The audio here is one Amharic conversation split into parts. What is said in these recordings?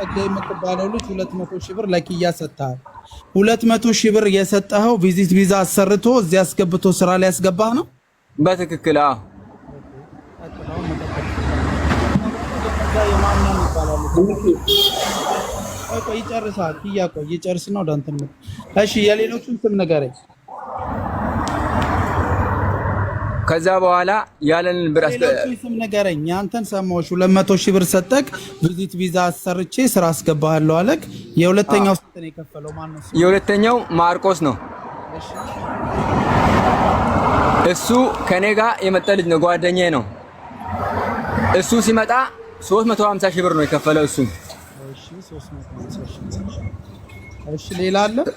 ጸጋ የምትባለው ልጅ ሁለት መቶ ሺህ ብር ለኪያ ሰጥተሃል። ሁለት መቶ ሺህ ብር የሰጠኸው ቪዚት ቪዛ አሰርቶ እዚህ አስገብቶ ስራ ላይ ያስገባህ ነው በትክክል? አዎ። ቆይ ይጨርሳል። ኪያ ቆይ ይጨርስና ነው አንተ እሺ፣ የሌሎቹን ስም ንገረኝ። ከዛ በኋላ ያለንን ብር ስም ንገረኝ። ያንተን ሰማዎች ሁለት መቶ ሺህ ብር ሰጠክ። ቪዚት ቪዛ አሰርቼ ስራ አስገባሃለሁ አለክ። የሁለተኛው ስንት ነው የከፈለው? ማነው? የሁለተኛው ማርቆስ ነው። እሱ ከኔ ጋር የመጣ ልጅ ነው፣ ጓደኛዬ ነው። እሱ ሲመጣ 350 ሺህ ብር ነው የከፈለው እሱ። ሌላ የለም፣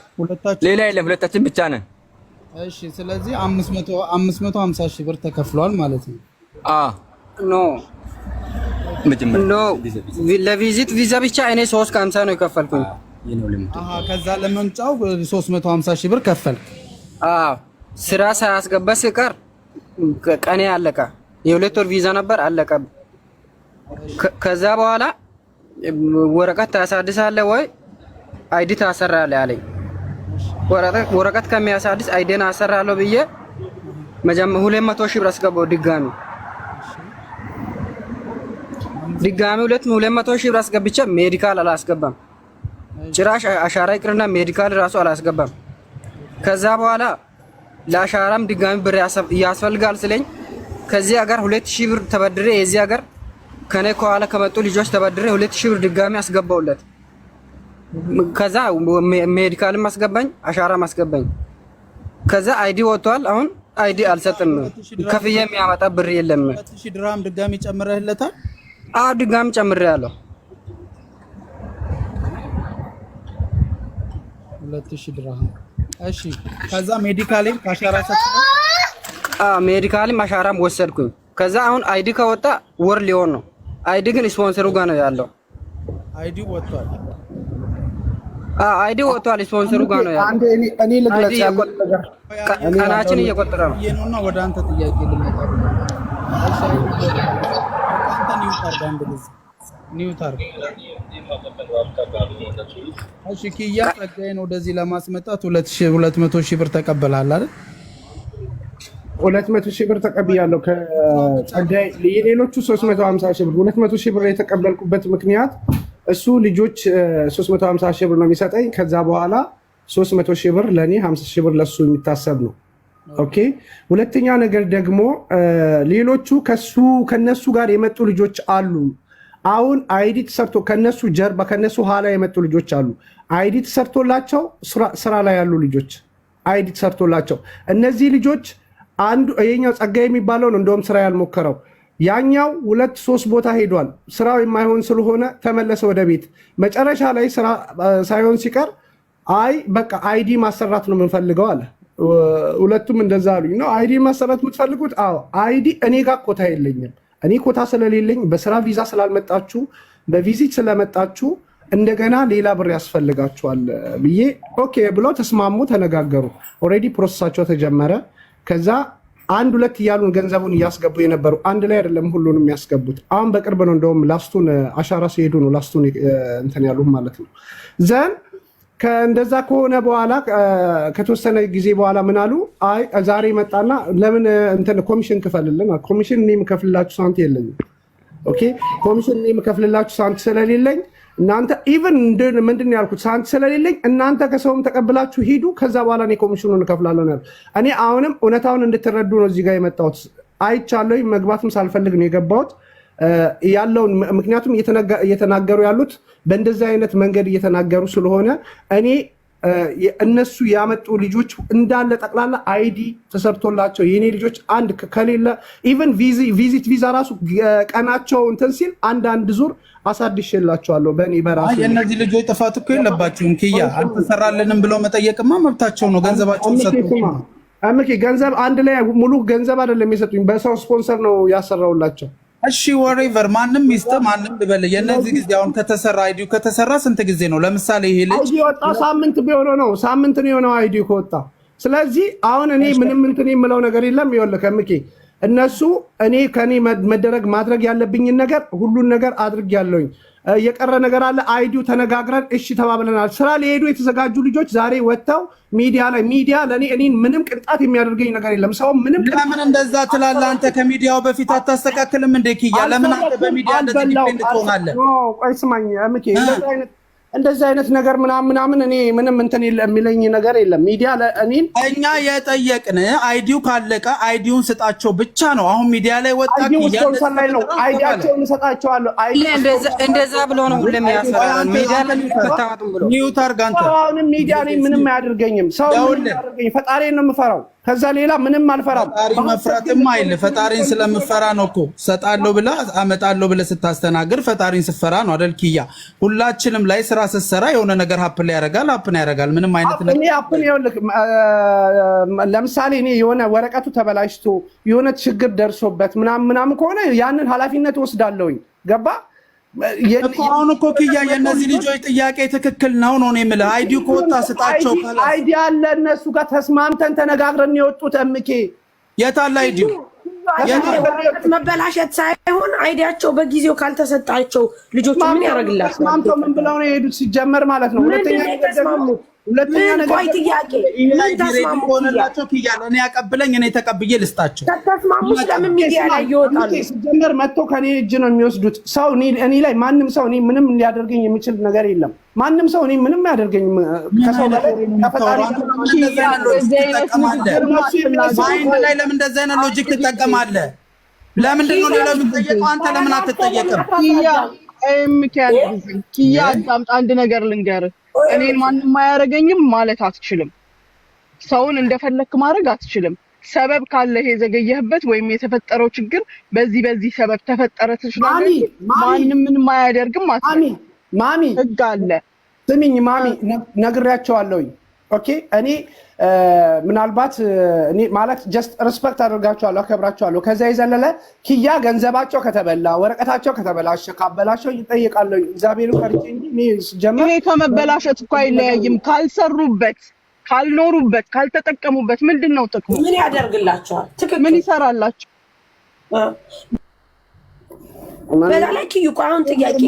ሁለታችን ብቻ ነን። እሺ ስለዚህ 550 ሺህ ብር ተከፍሏል ማለት ነው። አ ኖ ለቪዚት ቪዛ ብቻ እኔ 350 ነው የከፈልኩኝ። አሃ ከዛ ለመምጫው 350 ሺህ ብር ከፈልክ። አ ስራ ሳያስገባ ሲቀር ቀኔ አለቀ። የሁለት ወር ቪዛ ነበር አለቀ። ከዛ በኋላ ወረቀት ታሳድሳለህ ወይ አይዲ ታሰራለህ አለኝ። ወረቀት ከሚያሳድስ አይዴን አሰራለሁ ብዬ ሁለት መቶ ሺህ ብር አስገባው። ድጋሚ ድጋሚ ሁለት መቶ ሺህ ብር አስገብቼ ሜዲካል አላስገባም። ጭራሽ አሻራ ይቅርና ሜዲካል ራሱ አላስገባም። ከዛ በኋላ ለአሻራም ድጋሚ ብር ያስፈልጋል ስለኝ ከዚህ ሀገር ሁለት ሺህ ብር ተበድሬ የዚህ ሀገር ከኔ ከኋላ ከመጡ ልጆች ተበድሬ ሁለት ሺህ ብር ድጋሚ አስገባውለት። ከዛ ሜዲካል ማስገባኝ አሻራ ማስገባኝ። ከዛ አይዲ ወጥቷል። አሁን አይዲ አልሰጥም፣ ከፍዬ የሚያመጣ ብር የለም። ድራም ድጋሚ ጨምረህለታል? አዎ ድጋሚ ጨምሬ ያለሁ ሁለት ሺህ ድራም። እሺ ከዛ ሜዲካልም አሻራ ሰጥተህ? አዎ ሜዲካልም አሻራም ወሰድኩኝ። ከዛ አሁን አይዲ ከወጣ ወር ሊሆን ነው። አይዲ ግን ስፖንሰሩ ጋር ነው ያለው። አይዲ ወጥቷል። አይዲ ወጥቷል። ስፖንሰሩ ጋር ነው ያለው። አንዴ እኔ ልግለጽ ያለው ቀናችን እየቆጠረ ነው። ይሄንና ወደ አንተ ጥያቄ ልመጣ እሺ፣ ኪያ ጸጋዬን ወደዚህ ለማስመጣት ሁለት ሺህ ብር ተቀበላል አይደል? 200 ሺህ ብር ተቀብያለሁ ከጸጋዬ የሌሎቹ ሶስት ሺህ ብር 200 ሺህ ብር የተቀበልኩበት ምክንያት እሱ ልጆች 350 ሺህ ብር ነው የሚሰጠኝ። ከዛ በኋላ 300 ሺህ ብር ለእኔ 50 ሺህ ብር ለሱ የሚታሰብ ነው። ኦኬ። ሁለተኛ ነገር ደግሞ ሌሎቹ ከሱ ከነሱ ጋር የመጡ ልጆች አሉ። አሁን አይዲ ተሰርቶ ከነሱ ጀርባ ከነሱ ኋላ የመጡ ልጆች አሉ። አይዲ ተሰርቶላቸው ስራ ላይ ያሉ ልጆች አይዲ ተሰርቶላቸው እነዚህ ልጆች አንዱ ይሄኛው ጸጋ የሚባለውን እንደውም ስራ ያልሞከረው ያኛው ሁለት ሶስት ቦታ ሄዷል። ስራው የማይሆን ስለሆነ ተመለሰ ወደ ቤት። መጨረሻ ላይ ስራ ሳይሆን ሲቀር አይ በቃ አይዲ ማሰራት ነው የምንፈልገው አለ። ሁለቱም እንደዛ አሉኝ። ነው አይዲ ማሰራት የምትፈልጉት? አዎ። አይዲ እኔ ጋር ኮታ የለኝም። እኔ ኮታ ስለሌለኝ በስራ ቪዛ ስላልመጣችሁ በቪዚት ስለመጣችሁ እንደገና ሌላ ብር ያስፈልጋችኋል ብዬ ኦኬ ብለው ተስማሙ፣ ተነጋገሩ። ኦልሬዲ ፕሮሰሳቸው ተጀመረ ከዛ አንድ ሁለት እያሉን ገንዘቡን እያስገቡ የነበሩ አንድ ላይ አይደለም ሁሉንም የሚያስገቡት። አሁን በቅርብ ነው እንደውም ላስቱን አሻራ ሲሄዱ ነው ላስቱን እንትን ያሉ ማለት ነው። ዘን እንደዛ ከሆነ በኋላ ከተወሰነ ጊዜ በኋላ ምን አሉ፣ አይ ዛሬ መጣና ለምን እንትን ኮሚሽን ክፈልልን። ኮሚሽን እኔ የምከፍልላችሁ ሳንት የለኝም። ኦኬ ኮሚሽን እኔ የምከፍልላችሁ ሳንት ስለሌለኝ እናንተ ኢቨን ምንድን ያልኩት ሳንት ስለሌለኝ እናንተ ከሰውም ተቀብላችሁ ሂዱ፣ ከዛ በኋላ እኔ ኮሚሽኑን እከፍላለሁ ያሉ። እኔ አሁንም እውነታውን እንድትረዱ ነው እዚህ ጋር የመጣሁት። አይቻለሁ፣ መግባትም ሳልፈልግ ነው የገባሁት ያለውን ምክንያቱም እየተናገሩ ያሉት በእንደዚህ አይነት መንገድ እየተናገሩ ስለሆነ እኔ እነሱ ያመጡ ልጆች እንዳለ ጠቅላላ አይዲ ተሰርቶላቸው የኔ ልጆች አንድ ከሌለ ኢቨን ቪዚት ቪዛ ራሱ ቀናቸው እንትን ሲል አንዳንድ ዙር አሳድሼላቸዋለሁ። በእኔ በራሱ የእነዚህ ልጆች ጥፋት እኮ የለባቸውም። ክያ አልተሰራልንም ብለው መጠየቅማ መብታቸው ነው። ገንዘባቸውን ሰጡ። ገንዘብ አንድ ላይ ሙሉ ገንዘብ አይደለም የሰጡኝ፣ በሰው ስፖንሰር ነው ያሰራውላቸው። እሺ ወሬቨር ማንም ሚስተ ማንም ልበል። የእነዚህ ጊዜ አሁን ከተሰራ አይዲው ከተሰራ ስንት ጊዜ ነው? ለምሳሌ ይሄ ልጅ ወጣ ሳምንት ቢሆነ ነው ሳምንት ነው የሆነው አይዲው ከወጣ። ስለዚህ አሁን እኔ ምንም እንትን የምለው ነገር የለም። ይኸውልህ ከምኬ እነሱ እኔ ከኔ መደረግ ማድረግ ያለብኝን ነገር ሁሉን ነገር አድርግ ያለውኝ የቀረ ነገር አለ አይዲ ተነጋግረን እሺ ተባብለናል። ስራ ሊሄዱ የተዘጋጁ ልጆች ዛሬ ወጥተው ሚዲያ ላይ ሚዲያ ለእኔ እኔን ምንም ቅንጣት የሚያደርገኝ ነገር የለም። ሰው ምንም ለምን እንደዛ ትላለህ አንተ? ከሚዲያው በፊት አታስተካክልም እንደ ኪያ ለምን አንተ በሚዲያ እንደዚህ ዲፔንድ ትሆናለህ? ቆይ ስማኝ ምኬ እንደዚህ አይነት እንደዚህ አይነት ነገር ምናምን ምናምን እኔ ምንም እንትን የሚለኝ ነገር የለም። ሚዲያ እኔን እኛ የጠየቅን አይዲው ካለቀ አይዲውን ስጣቸው ብቻ ነው። አሁን ሚዲያ ላይ ወጣ ላይ ነው አይዲያቸውን እሰጣቸዋለሁ። እንደዛ ብሎ ነው ሁሉም ለሚያስፈራል ሚዲያ ለሚፈታቱም ብሎ ኒውታር ጋንተ አሁንም ሚዲያ ላይ ምንም አያደርገኝም። ሰው ያደርገኝ ፈጣሪ ነው የምፈራው ከዛ ሌላ ምንም አልፈራም። ፈጣሪ መፍራትም አይል ፈጣሪን ስለምፈራ ነው እኮ ሰጣለሁ ብላ አመጣለሁ ብለ ስታስተናግድ ፈጣሪን ስፈራ ነው አደል? ኪያ ሁላችንም ላይ ስራ ስትሰራ የሆነ ነገር ሀፕን ያደርጋል፣ ሀፕን ያደርጋል። ምንም አይነት እኔ ለምሳሌ እኔ የሆነ ወረቀቱ ተበላሽቶ የሆነ ችግር ደርሶበት ምናምን ምናምን ከሆነ ያንን ኃላፊነት ወስዳለሁኝ። ገባ አሁን እኮ ክያ የእነዚህ ልጆች ጥያቄ ትክክል ነው ነው የምልህ። አይዲ ከወጣ ስጣቸው። አይዲ አለ እነሱ ጋር ተስማምተን ተነጋግረን የወጡት እምኬ የታለ አይዲ? መበላሸት ሳይሆን አይዲያቸው በጊዜው ካልተሰጣቸው ልጆቹ ምን ያደርግላቸው? ተስማምተው ምን ብለው ነው የሄዱት ሲጀመር ማለት ነው። ሁለተኛ ሁለተኛ ነገር ሆነላቸው ክያ ነው። እኔ ያቀብለኝ እኔ ተቀብዬ ልስጣቸው። ሲጀመር መጥቶ ከኔ እጅ ነው የሚወስዱት። ሰው እኔ ላይ ማንም ሰው እኔ ምንም ሊያደርገኝ የሚችል ነገር የለም። ማንም ሰው እኔ ምንም ያደርገኝ ከሰው ላይ ለምን እንደዚህ አይነት ሎጂክ ትጠቀማለህ? ለምንድን ነው ሌላ የሚጠየቀው? አንተ ለምን አትጠየቅም? ኪያ ኪያ፣ አዳምጥ፣ አንድ ነገር ልንገርህ እኔን ማንም አያደርገኝም ማለት አትችልም። ሰውን እንደፈለክ ማድረግ አትችልም። ሰበብ ካለህ የዘገየህበት ወይም የተፈጠረው ችግር በዚህ በዚህ ሰበብ ተፈጠረ ትችላለህ። ማንም ምንም አያደርግም አትችልም። ማሚ ህግ አለ። ስሚኝ ማሚ ነግሬያቸዋለሁኝ ኦኬ እኔ ምናልባት እኔ ማለት ጀስት ሪስፐክት አድርጋቸዋለሁ፣ አከብራቸዋለሁ። ከዚያ የዘለለ ኪያ ገንዘባቸው ከተበላ ወረቀታቸው ከተበላሸ ካበላሸው ይጠይቃለሁ። እግዚአብሔር ፈርቼ እንጂ ጀመር እኔ ከመበላሸት እኮ አይለያይም። ካልሰሩበት፣ ካልኖሩበት፣ ካልተጠቀሙበት ምንድን ነው ጥቅሙ? ምን ያደርግላቸዋል? ምን ይሰራላቸው? በዛ ላይ ኪዩ እኮ ጥያቄ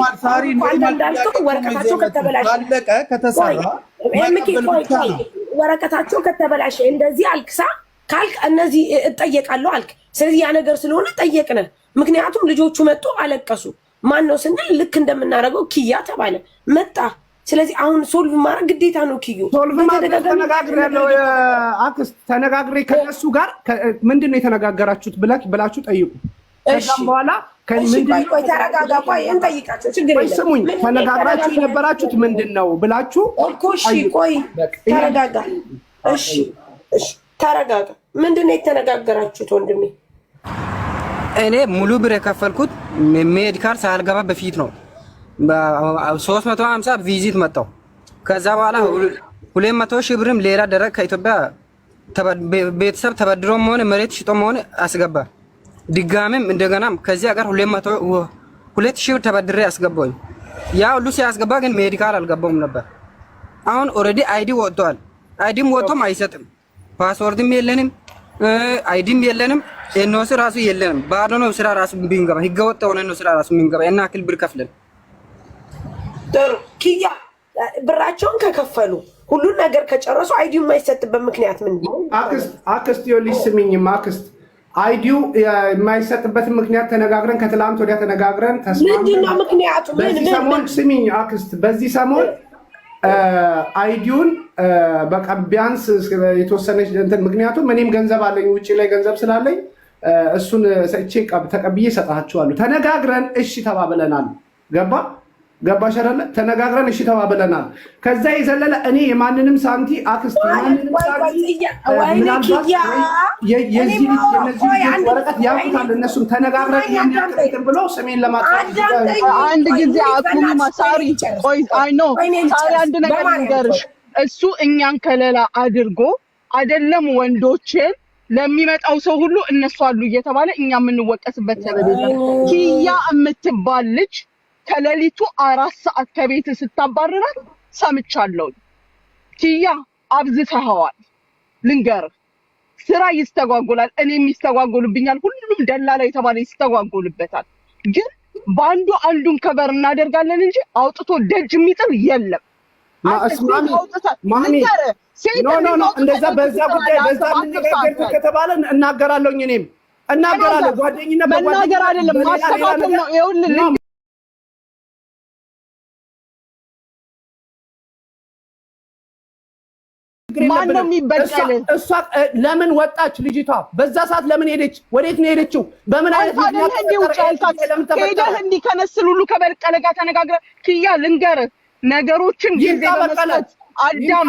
እንዳልከው ወረቀታቸው ከተበላሸ ወረቀታቸው ከተበላሸ እንደዚህ አልክሳ ካልክ እነዚህ እጠየቃለሁ አልክ። ስለዚህ ያ ነገር ስለሆነ ጠየቅነ። ምክንያቱም ልጆቹ መጡ አለቀሱ። ማን ነው ስንል ልክ እንደምናደርገው ኪያ ተባለ መጣ። ስለዚህ አሁን ሶልቭ ማድረግ ግዴታ ነው። ኪዩ ተነጋግሬ ከነሱ ጋር ምንድን ነው የተነጋገራችሁት ብላችሁ ጠይቁ። ከዛም በኋላ ስሙኝ፣ ተነጋግራችሁ የነበራችሁት ምንድን ነው ብላችሁ እኮ። እሺ፣ ቆይ ተረጋጋ። እሺ፣ እሺ፣ ተረጋጋ። ምንድን ነው የተነጋገራችሁት ወንድሜ? እኔ ሙሉ ብር የከፈልኩት ሜዲካል ሳልገባ በፊት ነው። ሶስት መቶ ሀምሳ ቪዚት መጣው። ከዛ በኋላ ሁለት መቶ ሺህ ብርም ሌላ ደረግ ከኢትዮጵያ ቤተሰብ ተበድሮም መሆን መሬት ሽጦም መሆን አስገባ ድጋሜም እንደገናም ከዚህ ጋር ሁለት ሺህ ብር ተበድሬ ያስገባኝ። ያ ሁሉ ሲያስገባ ግን ሜዲካል አልገባውም ነበር። አሁን ኦልሬዲ አይዲ ወጥቷል። አይዲም ወጥቶም አይሰጥም። ፓስወርድም የለንም፣ አይዲም የለንም። ኤኖስ ራሱ የለንም። ባዶ ነው ስራ ራሱ ብንገባ ህገወጥ ሆነ ነው ስራ ራሱ ቢንገባ እና አክል ብር ከፍለን ጥሩ ኪያ ብራቸውን ከከፈሉ ሁሉን ነገር ከጨረሱ አይዲም የማይሰጥበት ምክንያት ምንድን ነው? አክስት አክስት ዮሊስ ስሚኝም አክስት አይዲው የማይሰጥበት ምክንያት ተነጋግረን ከትላንት ወዲያ ተነጋግረን ምንድነው ምክንያቱ? በዚህ ሰሞን ስሚኝ አክስት፣ በዚህ ሰሞን አይዲውን በቃ ቢያንስ የተወሰነች እንትን ምክንያቱም እኔም ገንዘብ አለኝ ውጭ ላይ ገንዘብ ስላለኝ እሱን ሰቼ ተቀብዬ እሰጥሃችኋለሁ። ተነጋግረን እሺ ተባብለናል። ገባ ገባሽ አይደለ? ተነጋግረን እሺ ተባብለናል። ከዛ የዘለለ እኔ የማንንም ሳንቲ አክስት ወረቀት እነሱም ተነጋግረን ይህን ብሎ ስሜን ለማጥፋት አንድ ጊዜ አቁም። ሳሪ ቆይ፣ አይ ኖ ሳሪ፣ አንድ ነገር ንገርሽ። እሱ እኛን ከለላ አድርጎ አይደለም ወንዶችን ለሚመጣው ሰው ሁሉ እነሱ አሉ እየተባለ እኛ የምንወቀስበት ሰበብ ኪያ የምትባል ልጅ ከሌሊቱ አራት ሰዓት ከቤት ስታባርራት ሰምቻለሁ። ኪያ አብዝተኸዋል። ልንገርህ ስራ ይስተጓጎላል። እኔም ይስተጓጎልብኛል። ሁሉም ደላላ የተባለ ይስተጓጎልበታል። ግን በአንዱ አንዱን ከበር እናደርጋለን እንጂ አውጥቶ ደጅ የሚጥል የለም። እንደዛ በዛ ጉዳይ በዛ የምንነጋገር ከተባለ እናገራለሁኝ። እኔም እናገራለሁ። ጓደኝነት መናገር አይደለም ማስተካከል ነው። ይኸውልህ ማነው የሚበቀል? እሷ ለምን ወጣች? ልጅቷ በዛ ሰዓት ለምን ሄደች? ወዴት ነው ሄደችው? በምን አይነት እንዲህ ከመስል ሁሉ ከበቀለ ጋር ተነጋግረ ክያ ልንገርህ ነገሮችን ጊዜ በመስጠት አዳም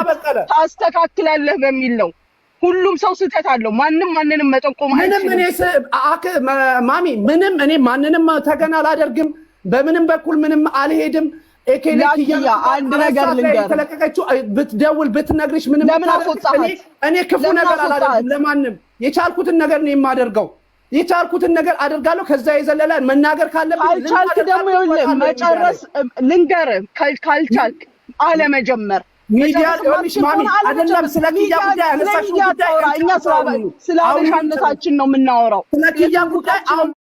ታስተካክላለህ በሚል ነው። ሁሉም ሰው ስህተት አለው። ማንም ማንንም መጠቆም ምንም እኔ ማሚ ምንም እኔ ማንንም ተገና አላደርግም። በምንም በኩል ምንም አልሄድም። ኤኬሌክያ አንድ ነገር ልንገር፣ የተለቀቀችው ብትደውል ብትነግርሽ ምንም ለምን አስወጣት? እኔ ክፉ ነገር አላደርግም ለማንም። የቻልኩትን ነገር ነው የማደርገው። የቻልኩትን ነገር አደርጋለሁ። ከዛ የዘለለ መናገር ካለብኝ አልቻልክ ደግሞ ይኸውልህ፣ መጨረስ ልንገርህ፣ ካልቻልክ አለመጀመር ሚዲያ ሆንሽ ስለ ኪያ ጉዳይ ነው የምናወራው።